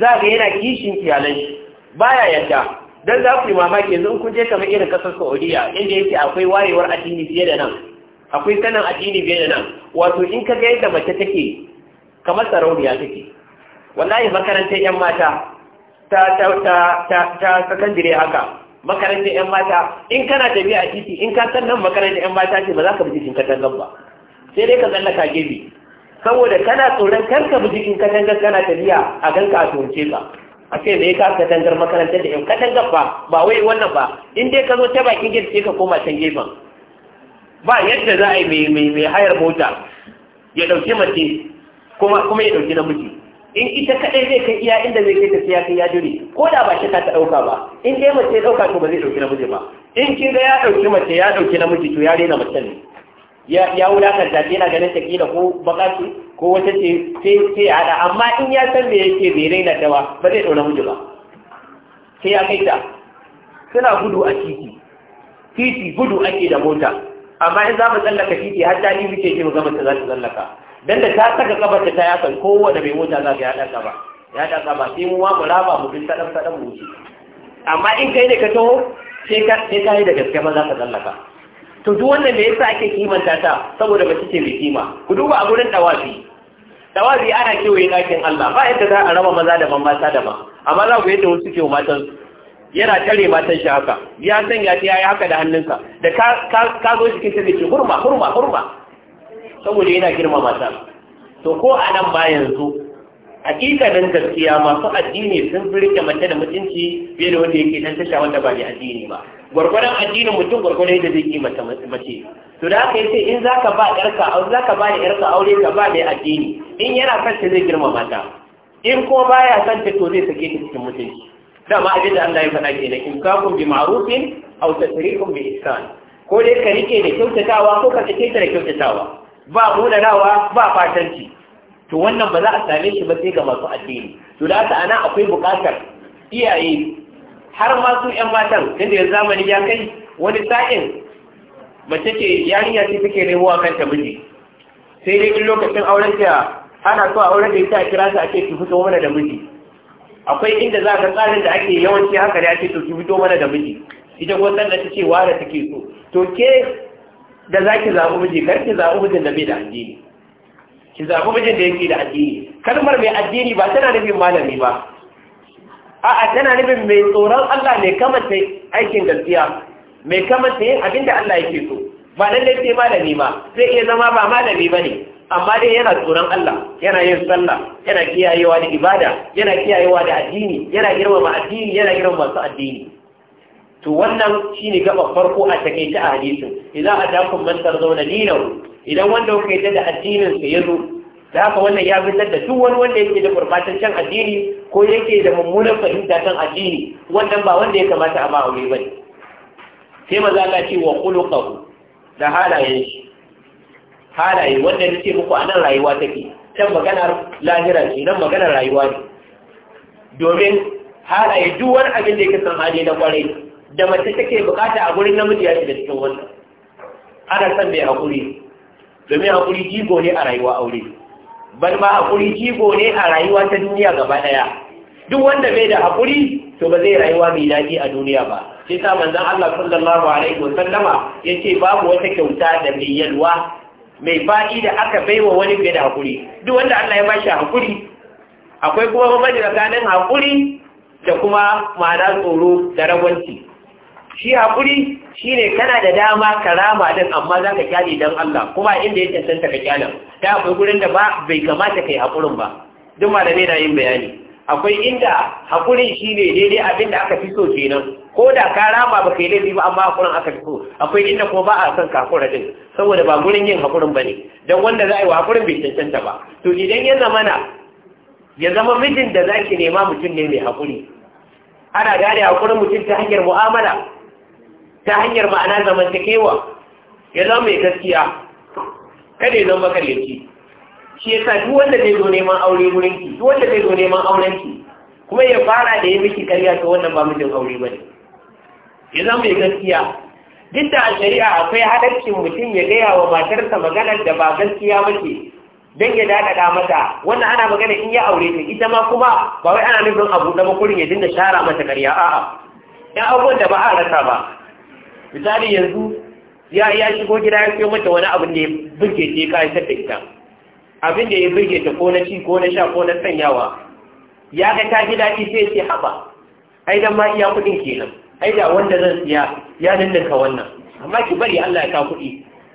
za ga yana kishin kiyalan shi ya yadda dan za ku yi mamaki yanzu in kun je kamar irin kasar Saudiya inda yake akwai wayewar addini fiye da nan akwai sanin addini fiye da nan wato in ka ga yadda mace take kamar sarauniya take wallahi makarantar yan mata ta ta ta ta sakandire haka makarantar yan mata in kana tafiya a titi in ka san nan makarantar yan mata ce ba za ka bi jikin katangar ba sai dai ka tsallaka gebe saboda kana tsoron kar ka bi jikin katangar kana tafiya a ganka a tunce ka a ce ya ka katangar makarantar da yan katangar ba ba wai wannan ba in dai ka zo ta bakin gefe sai ka koma can gefen ba yadda za a yi mai hayar mota ya ɗauki mace kuma ya ɗauki namiji in ita kaɗai zai kai iya inda zai kai tafiya kai ya jure ko da ba shi ka ta ɗauka ba in dai mace ya ɗauka to ba zai ɗauki namiji ba in kin ga ya ɗauki mace ya ɗauki namiji to ya rena mace ne ya ya wulakanta ta yana ganin ta kila ko baka ce ko wata ce sai sai haɗa, amma in ya san me yake bai raina ta ba ba zai na miji ba sai ya kai ta suna gudu a titi titi gudu ake da mota amma in za mu tsallaka titi har ta ni muke ce mu ga mace za ta tsallaka dan da ta saka kabarta ta yakan kowane mai mota za ka ya dan kaba ya kaba sai mu ma mu raba mu bin sadan sadan mu amma in kai ne ka taho sai ka sai yi da gaske ba za ka tsallaka to duk wannan me yasa ake kimanta ta saboda shi ce mai kima ku duba a gurin dawafi dawafi ana kewaye ɗakin Allah ba yadda za a raba maza daban mata daban amma za ku yadda wasu ke matan yana tare matan shi haka ya sanya ta yayi haka da hannunsa da ka zo shi kinta da ke hurma hurma hurma saboda yana girmama ta to ko a nan ba yanzu hakikanin gaskiya masu addini sun fi rike mace da mutunci fiye da wanda yake dan wanda ba da addini ba gwargwaron addinin mutum gwargwaron yadda zai yi mata mace to da haka yace in zaka ba yarka aure zaka ba da aure ka ba da addini in yana son ta zai girma mata in ko baya son ta to zai sake ta cikin mutunci ma abin da Allah ya faɗa kenan in kakum bi ma'rufin aw tasrihum bi ihsan ko dai ka rike da kyautatawa ko ka sake da kyautatawa ba nawa ba fatanci to wannan ba za a same shi ba sai ga masu addini to da haka ana akwai buƙatar iyaye har ma su ƴan matan tunda yanzu zamani ya kai wani sa'in mace ce yarinya ce take kan kanta miji sai dai in lokacin auren ta ana so a auren da ita a kira ta ake ki fito mana da miji akwai inda za ka tsarin da ake yawanci haka da ake to ki fito mana da miji ita ko da take wara take so to ke da za ki zaɓi miji kar ki zaɓi mijin da mai da addini ki zaɓi mijin da yake da addini kalmar mai addini ba tana nufin malami ba a'a tana nufin mai tsoron Allah mai kamata aikin gaskiya mai kamanta yin abin da Allah yake so ba nan ne sai malami ba zai iya zama ba malami ba ne amma dai yana tsoron Allah yana yin sallah yana kiyayewa da ibada yana kiyayewa da addini yana girmama addini yana girmama masu addini to wannan shine gaba farko a takeice a hadisin idan atakum man zauna dinahu idan wanda kuka da addinin sa yazo da haka wannan ya fitar da duk wani wanda yake da gurbataccen addini ko yake da mummunan fahimta kan addini wannan ba wanda ya kamata a ba aure ne sai maza Allah ce wa quluqahu da halayen halaye wanda nake muku a nan rayuwa take can maganar lahira ce nan maganar rayuwa ne domin halaye duk wani abin da yake san hali na kwarai da mace take bukata a gurin namiji ya shiga cikin wannan ana son mai haƙuri domin haƙuri jigo ne a rayuwa aure ban ma haƙuri jigo ne a rayuwa ta duniya gaba ɗaya duk wanda bai da haƙuri to ba zai rayuwa mai daɗi a duniya ba shi sa manzon Allah sallallahu alaihi wa sallama yace babu wata kyauta da mai yalwa mai faɗi da aka baiwa wani fiye da haƙuri duk wanda Allah ya bashi haƙuri akwai kuma mamaji tsakanin haƙuri da kuma ma'ana tsoro da rawanci shi haƙuri shi ne kana da dama ka rama din amma za ka kyali don Allah kuma inda ya cancanta ka kyale ta akwai gurin da bai kamata ka yi haƙurin ba duk malamai na yin bayani akwai inda haƙurin shi ne daidai abin aka fi so kenan ko da ka rama ba ka yi laifi ba amma haƙurin aka fi so akwai inda ko ba a son ka haƙura din saboda ba gurin yin haƙurin ba ne don wanda za a yi wa haƙurin bai cancanta ba to idan ya na ya zama mijin da za ki nema mutum ne mai haƙuri ana gane haƙurin mutum ta hanyar mu'amala ta hanyar ma'ana zamantakewa ya zama mai gaskiya kada ya zama laifi. shi ya sa duk wanda zai zo neman aure wurin ki duk wanda zai zo neman auren ki kuma ya fara da ya miki karya ta wannan ba mijin aure ba ne. ya zama mai gaskiya duk da a shari'a akwai haɗarcin mutum ya gaya wa matarsa maganar da ba gaskiya mace don ya daɗaɗa mata wannan ana magana in ya aure ta ita ma kuma ba wai ana nufin abu da makurin ya dinga shara mata karya a'a ya abubuwan da ba a rasa ba misali yanzu ya ya shigo gida ya siyo mata wani abin da ya burge ta ya kayatar da ita abin da ya burge ta ko na ci ko na sha ko na sanyawa ya ga ta ji daɗi sai ce haɓa ai dan ma iya kuɗin kenan ai da wanda zan siya ya dindinka wannan amma ki bari Allah ya ka kuɗi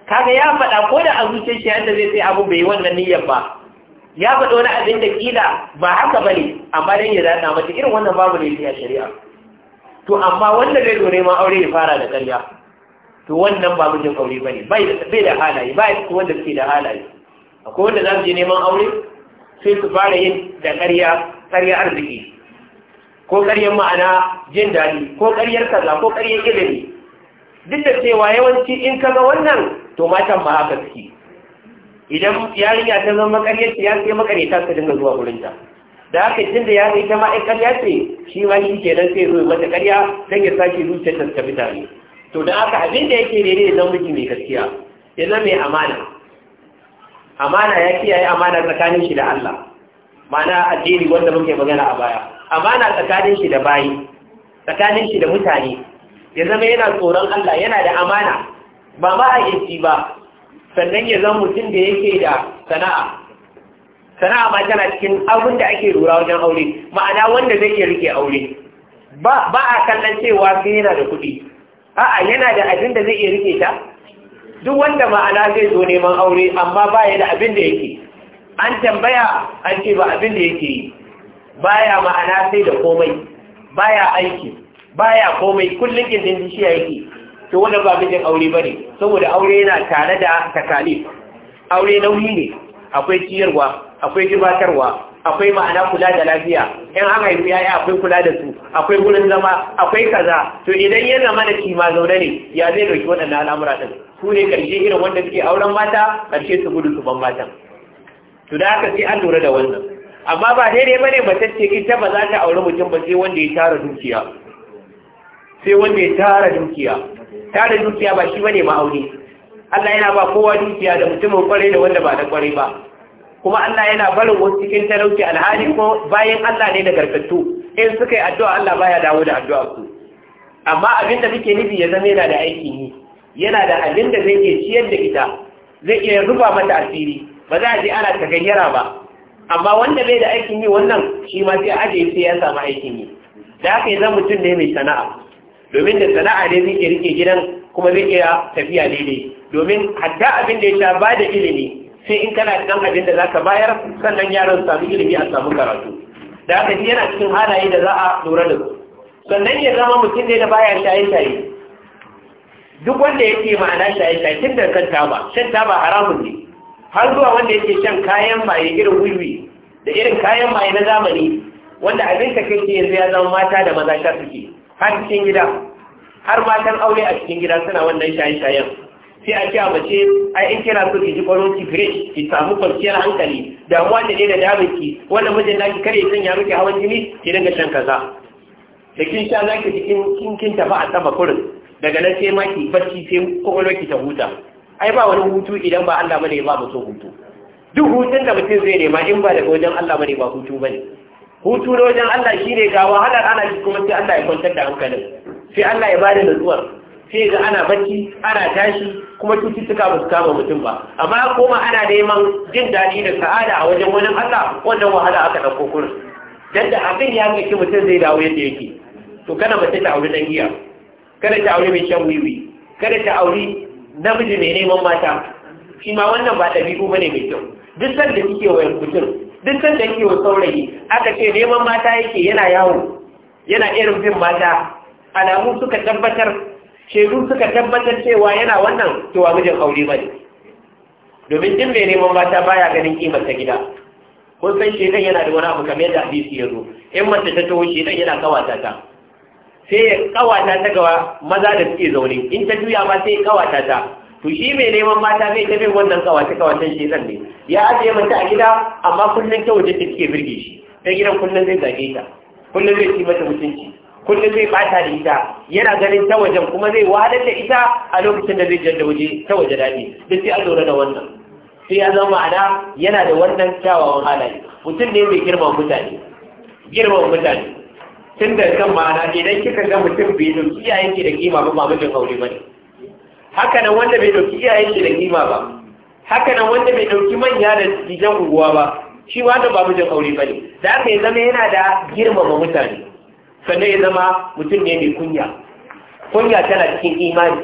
kaga ya faɗa ko da a zuciyar shi yadda zai sai abu bai wannan niyyar ba ya faɗo wani abin da kila ba haka bane amma dan ya zaɗa mata irin wannan babu ne a shari'a to amma wanda zai zo neman aure ya fara da ƙarya to wannan ba mijin aure ba ne bai da halaye ba ya wanda suke da halaye akwai wanda za su je neman aure sai su fara yin da ƙarya ƙarya arziki ko ƙaryar ma'ana jin daɗi ko ƙaryar kaza ko ƙaryar ilimi duk da cewa yawanci in ka ga wannan to matan ba haka suke idan yarinya ta zama ƙaryar ya sai makareta su dinga zuwa gurinta da haka tun da ya mai ta ma'aikarya ce shi ma shi ke nan sai zoye mata karya don ya sake zuciyar ta tafi tare to da haka abin da yake ne ya zama miji mai gaskiya ya zama mai amana amana ya kiyaye amana tsakanin shi da Allah mana addini wanda muke magana a baya amana tsakanin shi da bayi tsakanin shi da mutane ya zama yana tsoron Allah yana da amana ba ma'aikaci ba sannan ya zama mutum da yake da sana'a sana'a ma tana cikin abin da ake lura wajen aure ma'ana wanda zai iya rike aure ba ba a kallon cewa sai yana da kuɗi a'a yana da abin da zai iya rike ta duk wanda ma'ana zai zo neman aure amma ba ya da abin da yake an tambaya an ce ba abin da yake yi baya ma'ana sai da komai baya aiki baya komai kullum kindin shi yake to wanda ba mijin aure bane saboda aure yana tare da takalif aure nauyi ne akwai ciyarwa akwai girbatarwa akwai ma'ana kula da lafiya in an haifi yaya akwai kula da su akwai wurin zama akwai kaza to idan yin zama da kima zaune ne ya zai dauki waɗannan al'amura ɗin su ne karshe irin wanda suke auren mata karshe su gudu su ban matan to da haka sai an lura da wannan amma ba daidai bane mace ce ita ba za ta auri mutum ba sai wanda ya tara dukiya sai wanda ya tara dukiya tara dukiya ba shi ne ma'auni Allah yana ba kowa dukiya da mutumin kwarai da wanda ba da kwarai ba kuma Allah yana barin wasu cikin talauci alhali ko bayan Allah ne da garkattu in suka yi addu'a Allah baya dawo da addu'a su amma abin da muke nufi ya zama yana da aikin yi yana da abin da zai ke ciyar da ita zai iya ruba mata asiri ba za a je ana ta gayyara ba amma wanda bai da aikin yi wannan shi ma sai aje sai ya samu aikin yi da haka yanzu mutum ne mai sana'a domin da sana'a ne zai iya rike gidan kuma zai iya tafiya daidai domin hatta abin da ya sha ba da ilimi sai in kana da abin da za ka bayar sannan yaron samu ilimi a samu karatu da aka ji yana cikin halaye da za a lura da su sannan ya zama mutum ne da baya shaye-shaye duk wanda yake ma'ana shaye-shaye tun da kan taba shan taba haramun ne har zuwa wanda yake shan kayan maye irin wiwi da irin kayan maye na zamani wanda abin ka kai yanzu ya zama mata da maza sha suke har cikin gida har matan aure a cikin gida suna wannan shaye-shayen sai a cewa mace ai in kira so ki ji kwaron ki fresh ki samu kwanciyar hankali damuwa da ne da damun ki wannan mijin naki kare san ya miki hawan jini ki dinga shan kaza da kin sha zaki cikin kin kin tafi a sama kurin daga nan sai ma ki barci sai kwakwalwar ki ta huta ai ba wani hutu idan ba Allah bane ba mutum hutu duk hutun da mutum zai nema in ba daga wajen Allah bane ba hutu bane hutu na wajen Allah shine ga wahalar ana kuma sai Allah ya kwantar da hankalin sai Allah ya bada nutsuwar sai ga ana bacci ana tashi kuma cututtuka ba su kama mutum ba amma kuma koma ana neman jin daɗi da sa'ada a wajen wani hada wannan wahala aka ɗauko kuma dan da abin ya ga mutum zai dawo yadda yake to kana mace ta aure dan giya kada ta aure mai shan wiwi kada ta aure namiji mai neman mata shi ma wannan ba ɗabi'u bane mai kyau duk sanda kike wa mutum duk sanda kike wa saurayi aka ce neman mata yake yana yawo yana irin bin mata alamu suka tabbatar shaidu suka tabbatar cewa yana wannan cewa mijin aure ne. domin din mai neman mata baya ganin kimar ta gida kun san shedan yana da wani abu kamar yadda hadisi ya zo in mace ta taho shedan yana kawata ta sai ya kawata ta gawa maza da suke zaune in ta juya ma sai ya kawata ta to shi mai neman mata zai ta bin wannan kawace kawacen shedan ne ya ajiye mace a gida amma kullum ta waje ta suke birge shi ta gidan kullum zai zage ta kullum zai ci mata mutunci kullum zai bata da ita yana ganin ta wajen kuma zai wahalar da ita a lokacin da zai da waje ta waje daɗi duk sai an lura da wannan sai ya zama ma'ana yana da wannan kyawawan halaye mutum ne mai girma mutane girma mutane tun da kan ma'ana idan kika ga mutum bai iyaye iyayenki da kima ba ba aure ba ne haka nan wanda bai iyaye iyayenki da kima ba haka nan wanda bai ɗauki manya da jijan unguwa ba shi wanda ba mutum aure ba ne da aka yi zama yana da girmama mutane sannan ya zama mutum ne mai kunya kunya tana cikin imani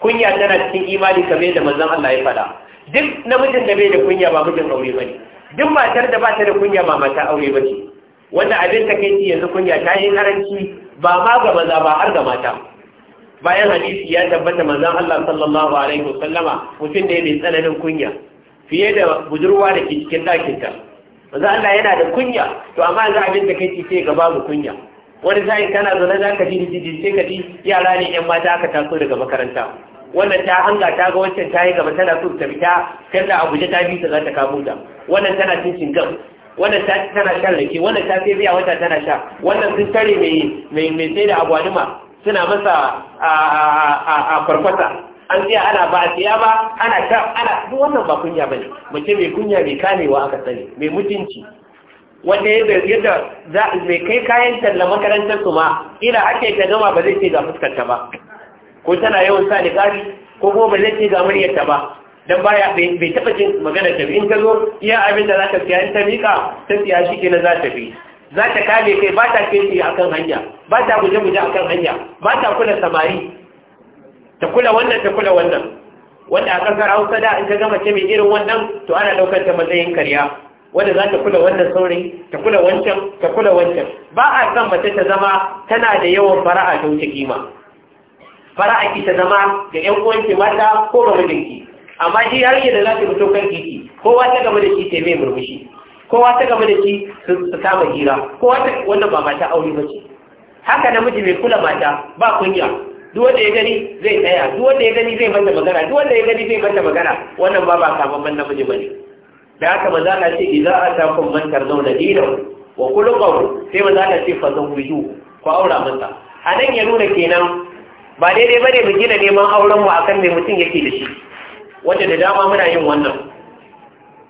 kunya tana cikin imani kamar da manzon Allah ya faɗa duk namijin da bai da kunya ba mijin aure bane duk matar da ba ta da kunya ba mata aure bace wannan abin ta kai yanzu kunya ta yi karanci ba ma ga maza ba har ga mata bayan hadisi ya tabbata manzon Allah sallallahu alaihi wasallama mutum ne mai tsananin kunya fiye da budurwa da ke cikin ɗakinta manzon Allah yana da kunya to amma yanzu abin da kai ce gaba mu kunya wani sa'in kana zaune za ka ji sai ka ji yara ne yan mata aka taso daga makaranta wannan ta hanga ta ga wancan ta yi gaba tana so ta fita a abuja ta bi ta za ta kamo ta wannan tana cin cingam wannan ta tana shan rake wannan ta sai biya wata tana sha wannan sun tare mai mai sai da agwaluma suna masa a farfasa an tsaya ana ba a tsaya ba ana sha ana duk wannan ba kunya bane mace mai kunya mai kamewa aka sani mai mutunci wanda yadda za mai kai kayan talla makarantar su ma ina ake ta gama ba zai ce ga fuskarta ba ko tana yawan sa da kari ko kuma ba zai ce ga muryarta ba dan baya bai taba jin magana ta in ka zo iya abin da za ta siya in ta mika ta siya shi kenan za ta bi za ta kame kai ba ta kai akan hanya ba ta guje guje akan hanya ba ta kula samari ta kula wannan ta kula wannan wanda a kasar Hausa da in ka gama ce mai irin wannan to ana daukar ta matsayin karya wanda za ta kula wannan saurayi ta kula wancan ta kula wancan ba a san mace ta zama tana da yawan fara'a ta wuce kima fara'a ki ta zama ga ƴan uwanki mata ko ga mijinki amma shi har yadda za ta fito kan kiki kowa ta gaba da shi ta mai murmushi kowa ta gaba da shi su kama hira kowa ta wannan ba mata aure ba ce haka namiji mai kula mata ba kunya duk wanda ya gani zai tsaya duk wanda ya gani zai mata magana duk wanda ya gani zai mata magana wannan ba ba kamar namiji bane da haka za ka ce a idza mantar man tardawna dinahu wa khuluquhu sai ba za ka ce wuju ku aura masa a nan ya nuna kenan ba daidai bane mu gina neman auren mu akan mai mutum yake da shi wanda da dama muna yin wannan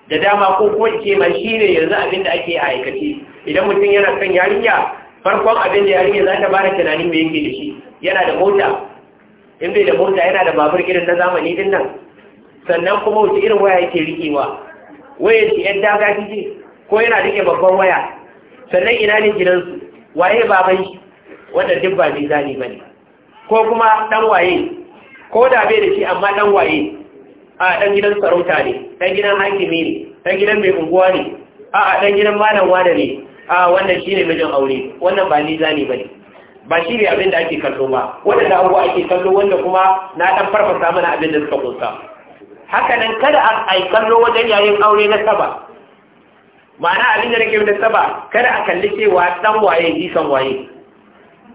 da dama ko kuma ce ma shi ne yanzu abin da ake a aikace idan mutum yana kan yarinya farkon abin da yarinya za ta ba da tunanin me yake da shi yana da mota in bai da mota yana da babur irin na zamani din nan sannan kuma wuce irin waya yake rikewa waye shi yan daga kike ko yana rike babban waya sannan ina ne gidansu waye baban shi wanda duk ba mai zani bane ko kuma dan waye ko da bai da shi amma dan waye a dan gidan sarauta ne dan gidan hakimi ne dan gidan mai unguwa ne a a dan gidan malam wada ne a wannan shine mijin aure wannan ba ni zani bane ba shi ne abin da ake kallo ba wanda da abu ake kallo wanda kuma na dan farfasa mana abin da suka kunsa hakanan kada a kallo wajen yayin aure na saba ma'ana abin da nake da saba kada a kalli cewa dan waye jikan waye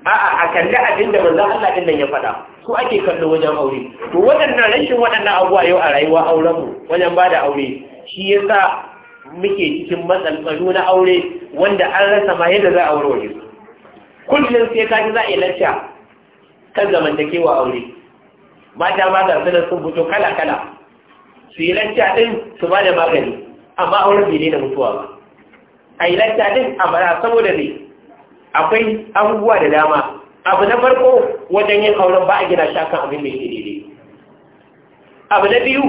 a'a a kalli abin da manzo Allah din nan ya faɗa su ake kallo wajen aure to waɗannan rashin waɗannan abubuwa yau a rayuwa auren mu wajen bada aure shi yasa muke cikin matsaltsalo na aure wanda an rasa ma yadda za a aure waje. kullum sai ka ji za a yi lacca kan zamantakewa aure mata ma ga sunan sun fito kala kala su yi lacca ɗin su ba da magani amma auren bai da mutuwa ba a yi lacca ɗin a bara saboda ne akwai abubuwa da dama abu na farko wajen yin auren ba a gina shi abin mai daidai abu na biyu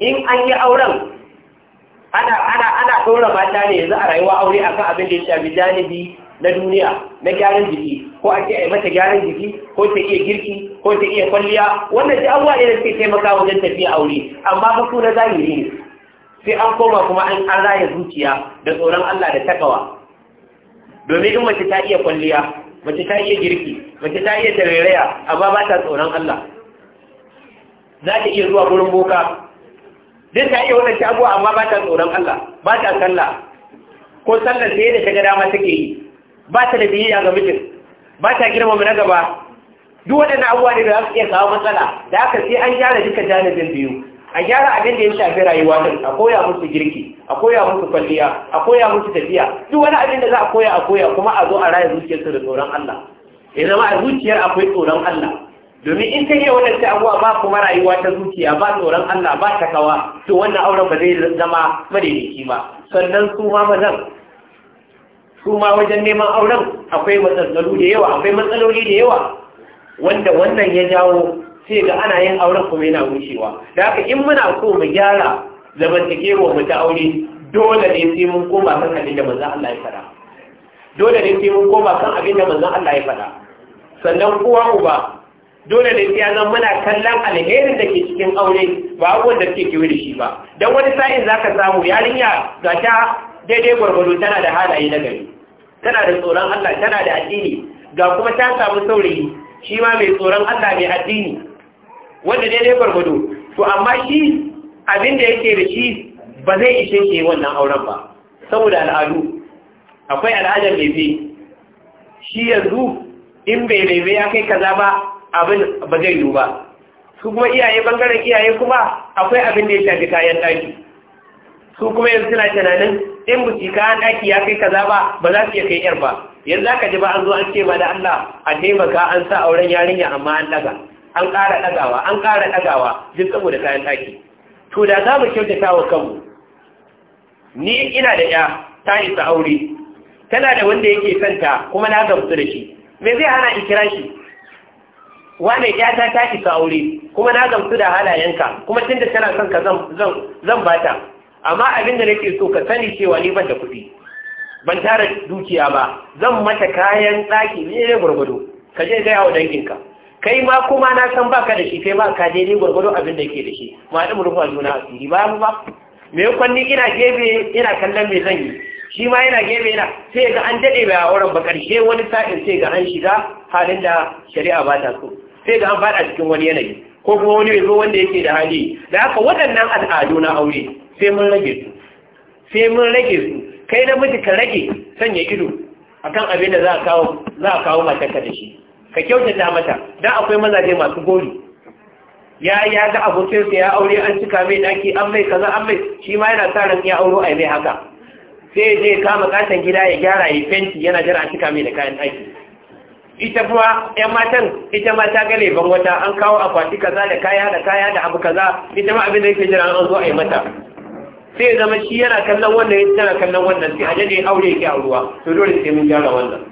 in an yi auren ana ana ɗora mata ne yanzu a rayuwa aure akan abin da ya shafi janibi na duniya na gyaran jiki ko ake a mata gyaran jiki ko ta iya girki ko ta iya kwalliya wannan ta abuwa irin ke taimaka wajen tafiya aure amma ba su na zahiri ne sai an koma kuma an an raya zuciya da tsoron Allah da takawa domin in mace ta iya kwalliya mace ta iya girki mace ta iya tarairaya amma ba ta tsoron Allah za ta iya zuwa gurin boka duk ta iya wadanci abuwa amma ba ta tsoron Allah ba ta sallah ko sallar sai da ta ga dama take yi ba ta da biyayya ga mijin ba ta girmama na gaba duk waɗannan abubuwa ne da za su iya kawo matsala da aka sai an gyara duka janibin biyu a gyara abin da ya shafi rayuwa din a koya musu girki a koya musu kwalliya a koya musu tafiya duk wani abin da za a koya a koya kuma a zo a raya zuciyarsa da tsoron Allah ya zama a zuciyar akwai tsoron Allah domin in kai wannan sai abuwa ba kuma rayuwa ta zuciya ba tsoron Allah ba ta kawa, to wannan auren ba zai zama madaidaici ba sannan su ma mazan su wajen neman auren akwai matsaloli da yawa akwai matsaloli da yawa wanda wannan ya jawo sai ga ana yin auren kuma yana wucewa da haka in muna so mu gyara zamantakewa mu ta aure dole ne sai mun koma kan abin da manzon Allah ya faɗa dole ne sai mun koma kan abin da manzon Allah ya faɗa sannan kowa uba dole ne sai zan muna kallon alherin da ke cikin aure ba abubuwan da suke kewa da shi ba don wani sa'in za ka samu yarinya ga ta daidai gwargwado tana da halaye na gari tana da tsoron Allah tana da addini ga kuma ta samu saurayi shi ma mai tsoron Allah mai addini wanda daidai gwargwado to amma shi abin da yake da shi ba zai ishe shi wannan auren ba saboda al'adu akwai al'adar laifi shi yanzu in bai laifi ya kai kaza ba abin ba zai yiwu ba su kuma iyaye bangaren iyaye kuma akwai abin da ya shafi kayan ɗaki su kuma yanzu suna tunanin in buci kayan ɗaki ya kai kaza ba ba za su iya kai yar ba yanzu aka ji ba an zo an ce ba da Allah a taimaka an sa auren yarinya amma an daga an ƙara ɗagawa an ƙara ɗagawa duk saboda kayan ɗaki to da za mu kyautata wa kanmu ni ina da ya ta isa aure tana da wanda yake santa kuma na gamsu da shi me zai hana in kira shi wane ya ta ta isa aure kuma na gamsu da halayenka kuma tunda tana son ka zan zan bata amma abin da nake so ka sani cewa ni ban da kuɗi ban tara dukiya ba zan mata kayan ɗaki ne ne gwargwado ka je gaya wa danginka kai ma kuma na san baka da shi kai ma ka je ne gurgudu abin da yake da shi ma da murfa juna asiri ba ba me kwanni ina gebe ina kallon me zan yi shi ma yana gebe yana sai ga an dade ba auren ba ƙarshe wani sa'in sai ga an shiga halin da shari'a ba ta so sai ga an fada cikin wani yanayi ko kuma wani yazo wanda yake da hali da haka waɗannan al'adu na aure sai mun rage su sai mun rage su kai na miji ka rage sanya ido kan abin da za a kawo za a da shi ka kyautata mata dan akwai mazaje masu gori ya ya ga abokinsa ya aure an cika mai daki an mai kaza an mai shi ma yana sa ran ya auro ai mai haka sai zai kama katon gida ya gyara ya fenti yana jira a cika mai da kayan aiki ita kuma yan matan ita ma ta gale ban wata an kawo akwati kaza da kaya da kaya da abu kaza ita ma abin da yake jira an zo a yi mata sai zama shi yana kallon wannan yin tana kallon wannan sai aje ne aure yake a ruwa to dole sai mun gyara wannan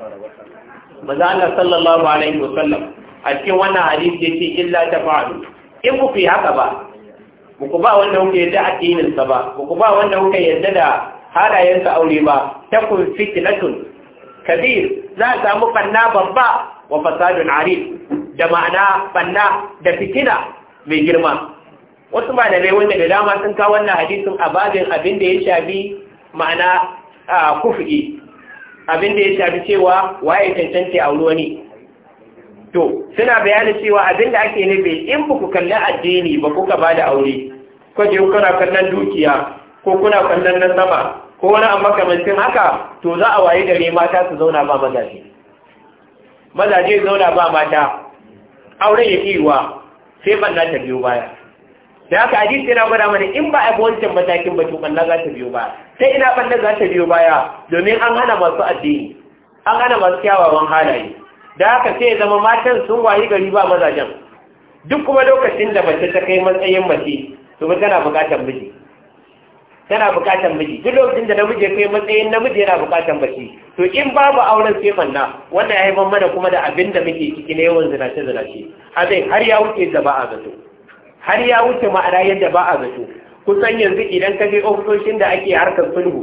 maza Allah sallallahu alaihi wa sallam a cikin wannan hadisi yace illa tafa'alu in ku fi haka ba ku ku ba wanda kuke yadda addinin sa ba ku ku ba wanda kuke yadda da halayen sa aure ba takun fitnatun kabir za a samu banna babba wa fasadun arif da ma'ana banna da fitina mai girma wasu malamai wanda da dama sun kawo wannan hadisin a babin abin da ya shafi ma'ana a kufi abin da ya shafi cewa waye cancanta a wani to suna bayani cewa abin da ake nufi in ba ku kalli addini ba kuka ba da aure ko je kuna kallon dukiya ko kuna kallon nan sama ko wani amma makamancin haka to za a waye gare mata su zauna ba mazaje mazaje zauna ba mata auren ya kiwa sai ban ta biyu baya da haka hadisi yana gwada mana in ba a bi wancan matakin ba to balla za ta biyo baya sai ina balla za ta biyo baya domin an hana masu addini an hana masu kyawawan halaye da haka sai ya zama matan sun wayi gari ba mazajen duk kuma lokacin da mace ta kai matsayin mace to ba tana bukatar miji tana bukatar miji duk lokacin da namiji kai matsayin namiji yana bukatar mace to in babu auren sai manna wanda ya haifar mana kuma da abin da muke ciki na yawan zinace zinace a zai har ya wuce da ba a zato har ya wuce ma'ana yadda ba a zato kusan yanzu idan ka je ofisoshin da ake harkar sulhu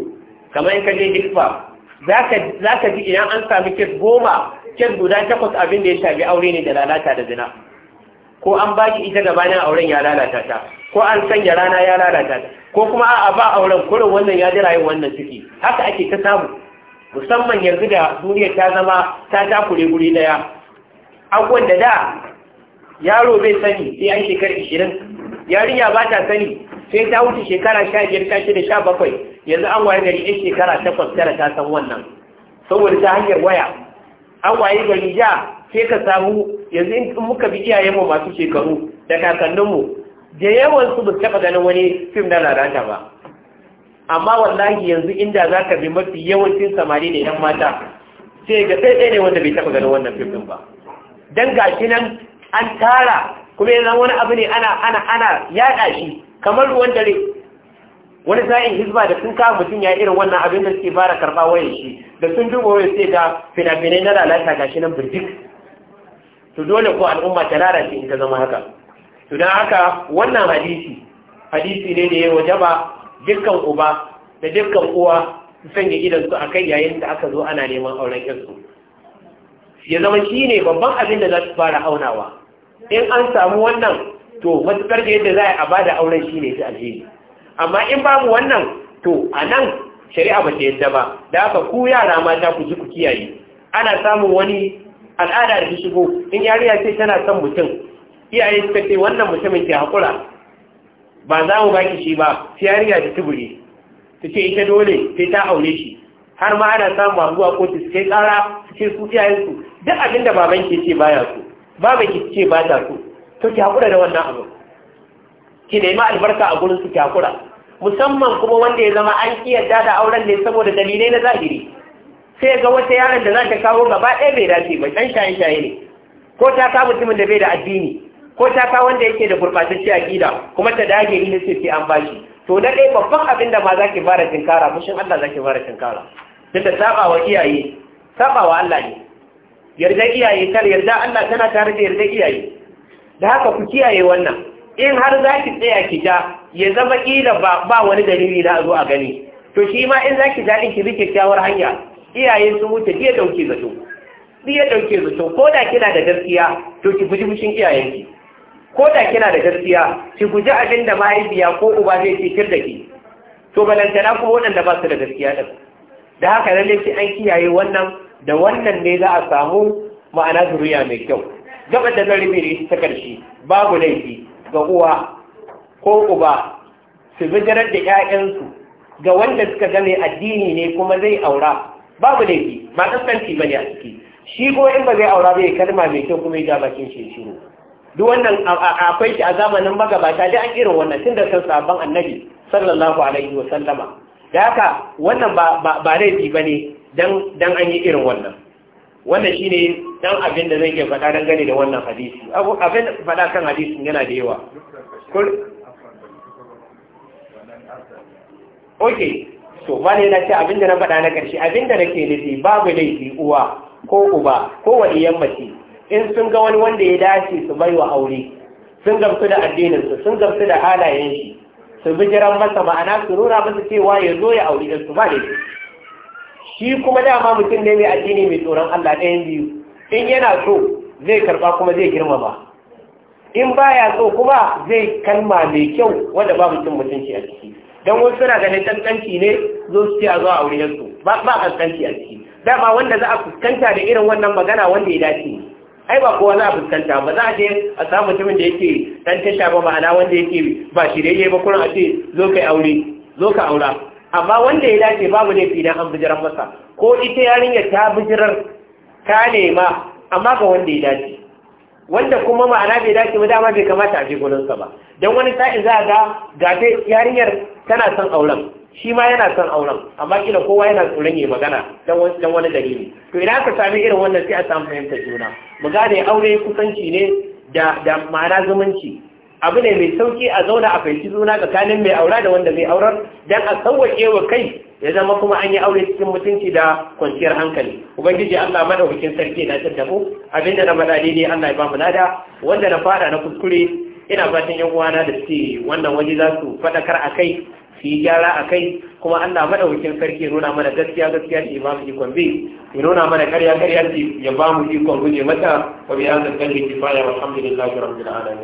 kamar in ka je za ka ji idan an sami kes goma kes guda takwas abin da ya shafi aure ne da lalata da zina ko an baki ita gabanin auren ya lalata ta ko an sanya rana ya lalata ta ko kuma a ba auren kurin wannan ya jira yin wannan ciki haka ake ta samu musamman yanzu da duniya ta zama ta takure guri daya abubuwan da da yaro bai sani sai an shekara ishirin yarinya ba ta sani sai ta wuce shekara sha biyar sha shida sha bakwai yanzu an waye gari yan shekara takwas tara ta san wannan saboda ta hanyar waya an waye gari ja sai ka samu yanzu in muka bi iyayenmu masu shekaru da kakanninmu da yawan su ba taɓa ganin wani fim na lalata ba amma wallahi yanzu inda za ka bi mafi yawancin samari ne yan mata sai ga ɗaya ne wanda bai taɓa ganin wannan fim ba don gashi nan an tara kuma yanzu wani abu ne ana ana ana yada shi kamar ruwan dare wani sa'in hizba da sun kawo mutum ya irin wannan abin da suke fara karɓa wayan shi da sun duba wayan sai ga fina-finai na lalata gashi nan birjik to dole ko al'umma ta lalace in ta zama haka to don haka wannan hadisi hadisi ne da ya wajaba dukkan uba da dukkan uwa su sanya idansu a kai yayin da aka zo ana neman auren yansu ya zama shi ne babban abin da za su fara aunawa in an samu wannan to matukar da yadda za a ba da auren shi ne su alheri amma in babu wannan to a nan shari'a ba ta yadda ba da aka ku yara mata ku ji ku kiyaye ana samun wani al'ada da ta shigo in yariya ce tana son mutum iyaye suka ce wannan mutumin ke haƙura ba za mu baki shi ba sai yariya ta tuburi ta ce ita dole sai ta aure shi har ma ana samun zuwa kotu su kai tsara su ce su iyayensu duk abinda da baban ke ce baya su ba ki ce ba ta so to ki hakura da wannan abu ki nemi albarka a gurin su ki hakura musamman kuma wanda ya zama an kiyarda da auren ne saboda dalilai na zahiri sai ga wata yaron da za ta kawo gaba ɗaya bai dace ba ɗan shaye shaye ne ko ta kawo mutumin da bai da addini ko ta kawo wanda yake da gurɓatacce gida kuma ta dage ni sai sai an bashi to na ɗaya babban abin da ma za ki fara tinkara fushin Allah za ki fara tinkara tunda saba wa iyaye sabawa Allah ne yarda iyaye kar yarda Allah tana tare da yarda iyaye da haka ku kiyaye wannan in har zaki ki tsaya ki ja ya zama kila ba ba wani dalili na zo a gani to shi ma in zaki ki ja ki bi kyakkyawar hanya iyaye su wuce biya dauke zato biya dauke zato ko da kina da gaskiya to ki guji fushin ki, ko da kina da gaskiya ki guji abin da mahaifiya ko uba zai cikir da ki to balantana kuma waɗanda ba su da gaskiya din da haka lallai sai an kiyaye wannan da wannan ne za a samu ma'ana zuriya mai kyau gaba da zari mai ta ƙarshe babu laifi ga uwa ko uba su bijirar da 'ya'yansu ga wanda suka game addini ne kuma zai aura babu laifi ba ba bane a ciki shi ko in ba zai aura zai kalma mai kyau kuma ya ja bakin shi shiru duk wannan akwai shi a zamanin magabata da an irin wannan tun da san sabon annabi sallallahu alaihi wa sallama da haka wannan ba laifi ba ne dan an yi irin wannan wannan shine dan abin da zai ke faɗa dan gane da wannan hadisi abu abin faɗa kan hadisi yana da yawa ok so ne na ce abin da na faɗa na ƙarshe abin da nake nufi babu laifi uwa ko uba ko wani yammaci in sun ga wani wanda ya dace su bai wa aure sun gamsu da addininsu sun gamsu da halayen shi su bi jiran masa ma'ana su nuna masa cewa ya zo ya aure su ba laifi shi kuma dama mutum ne mai addini mai tsoron Allah ɗayan biyu in yana so zai karɓa kuma zai girmama in baya so kuma zai kalma mai kyau wanda ba mutum mutunci a ciki don wasu suna ganin kankanci ne zo su ce a zuwa aure yanzu ba kankanci a ciki dama wanda za a fuskanta da irin wannan magana wanda ya dace ai ba kowa za a fuskanta ba za a je a samu mutumin da yake dan tasha ba ma'ana wanda yake ba shirye ba kuma a ce zo kai aure zo ka aura amma wanda ya dace babu laifi idan an bijiran masa ko ita yarinyar ta bijirar ta nema amma ga wanda ya dace wanda kuma ma'ana bai dace ba dama bai kamata a je gurinsa ba don wani sa'in za a ga gafe yarinyar tana son auren shi ma yana son auren amma kila kowa yana tsoron yi magana don wani dalili to idan aka sami irin wannan sai a samu fahimtar juna mu gane aure kusanci ne da ma'ana zumunci abu ne mai sauki a zauna a fahimci suna tsakanin mai aura da wanda mai aurar don a sauwake wa kai ya zama kuma an yi aure cikin mutunci da kwanciyar hankali ubangiji Allah madaukakin sarki na tsada mu abinda na bada ne Allah ya ba mu lada wanda na fara na kuskure ina fatan yan uwana da su wannan waje za su faɗakar a kai, su yi gyara a kai. kuma Allah madaukakin sarki nuna mana gaskiya gaskiya ce ba mu ikon bi ya nuna mana karya karya ya ba mu ikon guje mata wa bi hadha kifaya walhamdulillahi rabbil alamin